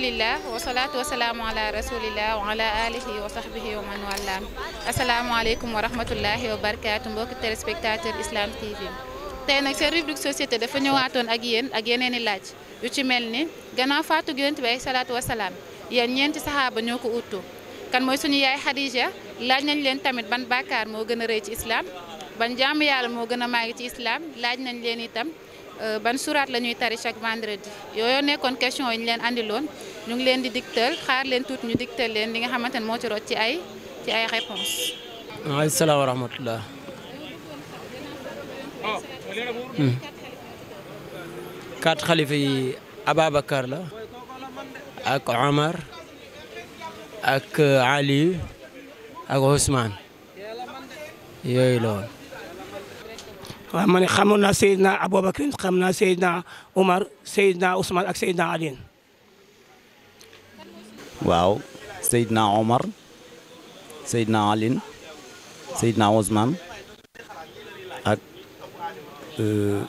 لله وصلاة وسلام على رسول الله وعلى آله وصحبه ومن والاه السلام عليكم ورحمة الله وبركاته مبوك التلسبكتاتر إسلام تيفي تاي نك سيرف دوك سوسيتي دا فا نيواتون اك يين اك يينين لاج يو تي ملني غنا فاتو يونت باي صلاه وسلام يين نينت صحابه نيوكو اوتو كان موي سوني ياي خديجه لاج نان لين تاميت بان بكار مو غنا ري تي اسلام بان جام يال مو غنا ماغي تي اسلام لاج نان لين تام بان سورات لا نيوي تاري شاك فاندردي يويو نيكون كاستيون يين لين اندي ñu ngi leen di digtal xaar leen tuuti ñu digtal leen li nga xamantene ne moo ci rot ci ay ci ay réponse maaleykum salaam wa rahmatullah quatre xalifa yi ababakar la ak Omar ak Ali ak usman yoy la woon waaw man xamoon naa Seydina Aboubacar xam naa Seydina Omar Seydina Ousmane ak Seydina Ali waaw Seydina Omar Seydina Alin Seydina Ousmane ak euh,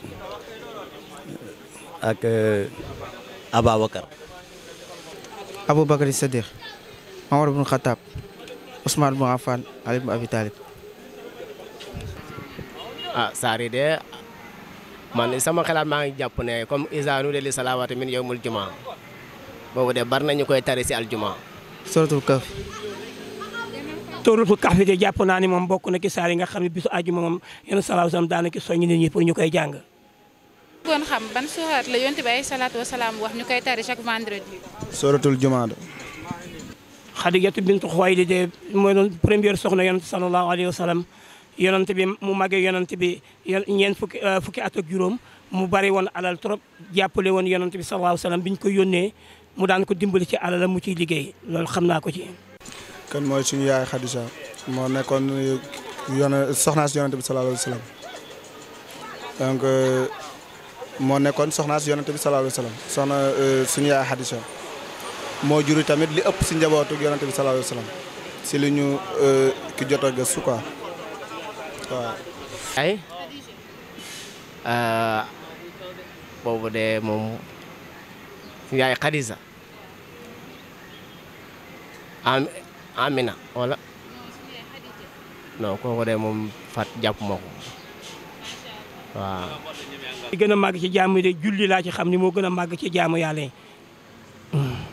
ak euh, Ababakar Abubakar Sadiq Omar ibn Khattab Ousmane ibn Affan Ali ibn Abi Talib ah, man sama xalaat maa ngi jàpp ne comme isaanu de li salawaati min yawmul jumaa bobu de bar nañu koy tari ci aljuma suratul kaf suratul kaf de japp naani mom bokku na ci sari nga xam bisu aljuma moom yéen salaahu salaam daana ci soññi nit ñi pour ñukay jang bon xam ban surat la yonte bi ay salaatu wa wax ñukay koy tari chaque vendredi suratul jumaada xadijatu bintu xuwaylid de mooy doon premier soxna yonente sallallahu alaihi wasallam sallam bi mu magge yonente bi ñeent fukki eh, fukki at ak mu bari won alal trop jappale won yonente bi sallallahu alaihi wasallam biñ ko yonne mu daan ko dimbali ci alala mu ciy liggéey loolu xam naa ko ci. kan mooy suñu yaay Khadija moo nekkoon yoon soxnaa si yonente bi sallallahu alayhi wa euh, nekkoon soxnaa si bi sallallahu alayhi wa sallam soxna euh, suñu yaay Khadija moo juri tamit li ëpp si njabootu yonente bi sallallahu alayhi wa sallam si li ñu euh, ki jot a gëstu ay boobu de moom. yaay Khadija Amina wala non kooku de moom fat jàpp ma ko waaw. li gën a màgg ci jaamu yi de julli laa ci xam ni moo gën a màgg ci jaamu yàlla yi.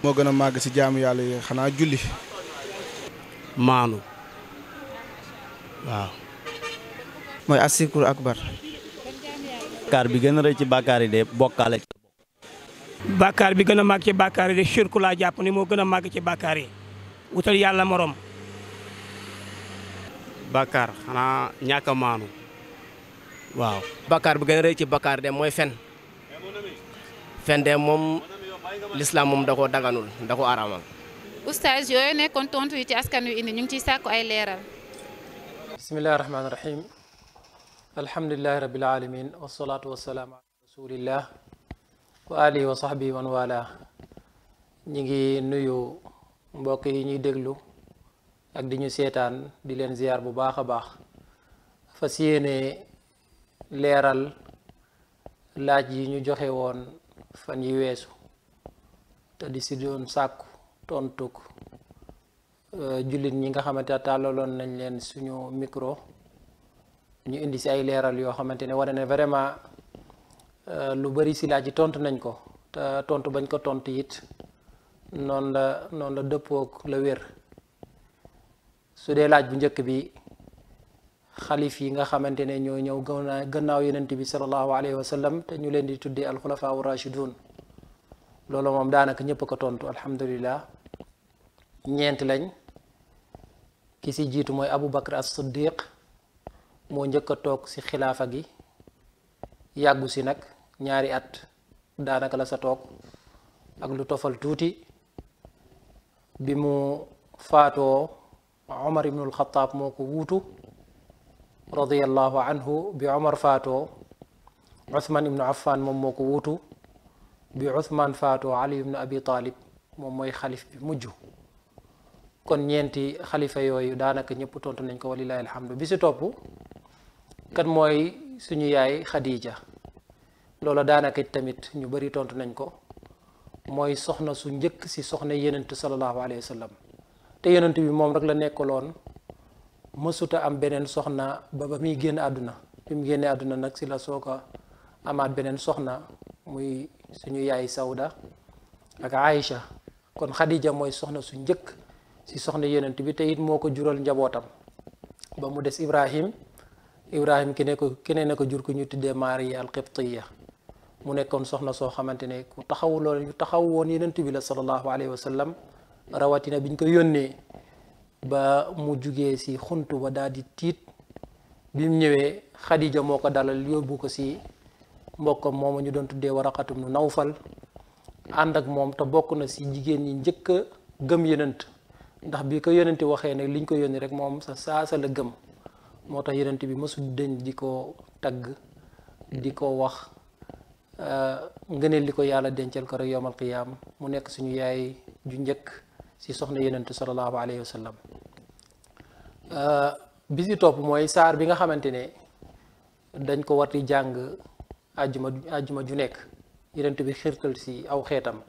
moo gën a màgg ci jaamu yàlla yi xanaa julli. maanu waaw. mooy asikur akbar. bàkkaar bi gën a rëy ci bàkkaar de bokkaale. bàkkaar bi gën a màgg ci bàkkaar de shirku laa jàpp ni moo gën a màgg ci bàkkaar wutal yàlla morom. bàkkaar xanaa ñàkk maanu waaw. bàkkaar bi gën a rëy ci bàkkaar de mooy fen fen de moom lislaam moom da koo daganul da koo araamal. oustaz yooyu nekkoon tontu yi ci askan wi indi ñu ngi ciy ay leeral. bismillahi rahmaani rahim alhamdulillahi rabbil alamin wasalaatu wasalaam ala rasulillah wa alihi sax sahbihi wan wala ñi ngi nuyu mbokk yi ñuy déglu ak di ñu seetaan di leen ziyaar bu baax a baax fas yéene leeral laaj yi ñu joxe woon fan yi weesu te di si doon sàkku tontuk e, jullit ñi nga xamante ne tàllaloon nañ leen suñu micro ñu indi si ay leeral yoo xamante ne wane ne vraiment Euh, lu bari si laaj yi tontu nañ ko tontu bañ ko tontu it noonu la noonu la dëppook la wér su dee laaj bu njëkk bi xalif yi nga xamante ne ñoo ñëw gannaaw yonent bi sallallahu alayhi wa te ñu leen di tuddee alxulafaa u rachidun loolu moom daanaka ñëpp ko tontu alhamdulillah ñeent lañ ki si jiitu mooy Abu Bakr as-Siddiq moo njëkk a toog si xilaafa gi yàggu si nag. ñaari at daanaka la sa toog ak lu tofal tuuti bi mu faatoo Omar ibnul Xataab moo ko wuutu radiyallahu anhu bi Omar faatoo Ousmane ibnu Affan moom moo ko wuutu bi Ousmane faatoo Ali ibnu Abi Talib moom mooy xalif bi mujj kon ñeenti xalifa yooyu daanaka ñëpp tontu nañ ko walilahi alhamdu bi si topp kan mooy suñu yaay Khadija. loola daanaka tamit ñu bari tontu nañ ko mooy soxna su njëkk si soxna yenent sallallahu alayhi wa sallam te yenent bi moom rek la nekkaloon mësuta am beneen soxna ba ba muy génn àdduna bi mu génnee àdduna nag si la soo ko amaat beneen soxna muy suñu yaay Sawda ak Aïcha kon Khadija mooy soxna su njëkk si soxna yenent bi te it moo ko jural njabootam ba mu des Ibrahim Ibrahim ki ne ko keneen ne ko jur ku ñu tuddee Maria al-Qibtiya mu nekkoon soxna soo xamante ne ku taxawu loolu ñu taxaw woon yenent bi la sallallahu alayhi wa sallam rawatina ñu ko yónnee ba mu jugee si xunt ba daal di tiit bi mu ñëwee xadija moo ko dalal yóbbu ko si mbokkam moomu ñu doon tuddee waraqatum nu nawfal ànd ak moom te bokk na si jigéen ñi njëkk a gëm yenent ndax bi ko yenent waxee ne liñ ko yónni rek moom sa saasa la gëm moo tax yenent bi mësul dëñ di ko tagg di ko wax Euh, ngëneel li ko yàlla dencal ko rek yowmal qiyaam mu nekk suñu yaay ju njëkk si soxna yenentu sallallahu alayhi wa sallam euh, bi si topp mooy saar bi nga xamante ne dañ ko war di jàng àjjuma àjjuma ju nekk yenent bi xirtal si aw xeetam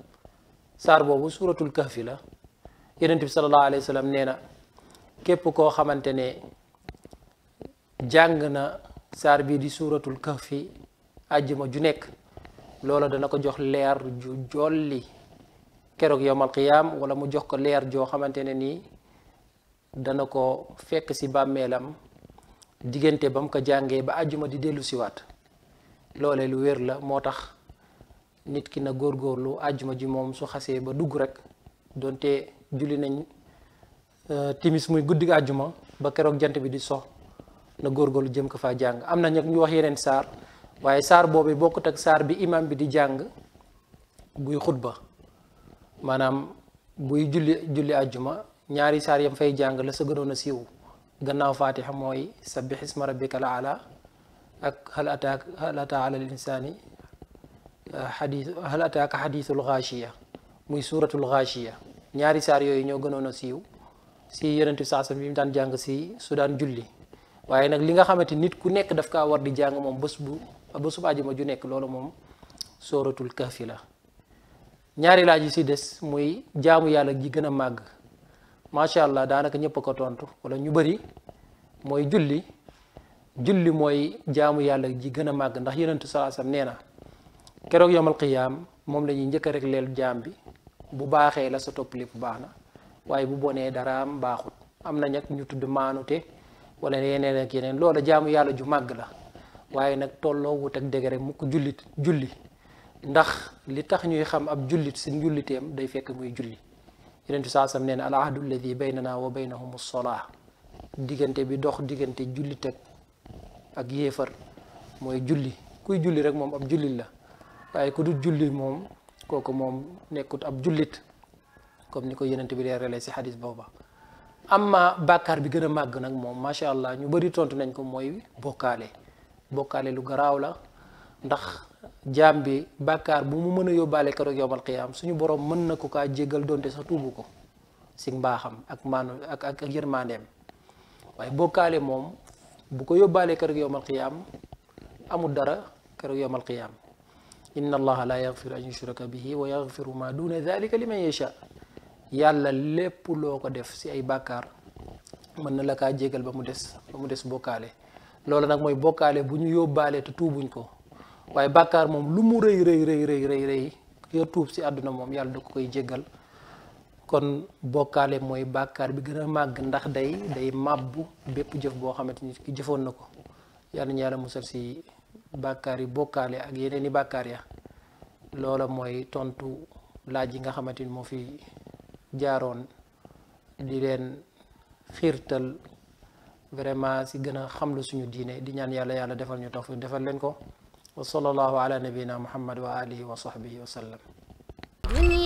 saar boobu suuratul kahfi la yenent bi sallallahu alayhi wa sallam nee na képp koo xamante ne jàng na saar bii di suuratul kahfi àjjuma ju nekk lolo dana ko jox leer ju jolli keroog yowmal qiyam wala mu jox ko leer jo xamantene ni dana ko fekk ci bàmmeelam diggante ba ko jangé ba aljuma di ci wat lolé lu wër la motax nit ki na lu aljuma ji mom su xasse ba dugg rek donte julli nañ euh, timis muy guddi aljuma ba keroog jant bi di sox na lu jëm ko fa jang am ñak ñu wax yenen sar waye sar bobé bokut ak sar bi imam bi di jang buy khutba manam buy julli julli aljuma ñaari sar yam fay jang la sa gënoon a gannaaw fatiha moy sabbih isma rabbikal ala ak hal ataak hal ataa ala linsaani hadith hal ataaka hadithul ghashiya muy suratul ghashiya ñaari sar yoy ñoo gënoon siwu si yonent sa sa bi mu daan jang si sudan juli. julli waaye nag li nga xamante nit ku nekk daf kaa war di jàng moom bés bu bésu àjjuma ju nekk loolu moom sooratul kahfi la ñaari laaj yi si des muy jaamu yàlla gi gën a màgg macha allah daanaka ñëpp a ko tontu wala ñu bëri mooy julli julli mooy jaamu yàlla ji gën a màgg ndax yonentu salaasam nee na keroog yomal qiyaam moom lañuy njëkk rek leel jaam bi bu baaxee la sa topp lépp baax na waaye bu bonee daraam baaxut am na ñag ñu tudd maanute wala yeneen ak yeneen loola jaamu yàlla ju màgg la waaye nag tolloo wut ak dégg rek mu ko jullit julli ndax li tax ñuy xam ab jullit si julliteem day fekk muy julli yeneen ci saasam nee na al ahdu alladi baynana wa baynahum solaa diggante bi dox diggante jullit ak ak yéefar mooy julli kuy julli rek moom ab jullit la waaye ku dul julli moom kooku moom nekkut ab jullit comme ni ko yenent bi leerale si xadis booba amma bàkkaar bi gën a màgg nag moom macha allah ñu bari tontu nañ ko mooy bokkaale bokkaale lu garaaw la ndax jaam bi bàkkaar bu mu mën a yóbbaale keroog yowmal qiyaam suñu borom mën na ko kaa jéggal donte sax tuubu ko si mbaaxam ak maanu ak ak yërmandeem waaye moom bu ko yóbbaalee keroog yowmal qiyaam amul dara keroog yowmal qiyaam inna allaha la yaghfiru an yushraka bihi wa yaghfiru ma duna dhalika liman yasha yàlla lépp loo ko def si ay bàkkaar mën na la kaa jégal ba mu des ba mu des bokkaale loolu nag mooy bokkaale bu ñu yóbbaale te tuubuñ ko waaye bàkkaar moom lu mu rëy rëy rëy rëy rëy rëy yo tuub si àdduna moom yàlla du ko koy jéggal kon bokkaale mooy bàkkaar bi gën a màgg ndax day day màbbu bépp jëf boo xamante ni ki jëfoon na ko yàlla ñu yàlla musal si bàkkaar yi bokkaale ak yeneen i bàkkaar ya loola mooy tontu laaj yi nga xamante ni moo fii jaaroon di leen xiirtal vraiment si gën a xamlu suñu diine di ñaan yàlla yàlla defal ñu tawfiq defal leen ko wa sallallahu ala nabiyina muhammad wa alihi wa sahbihi wa sallam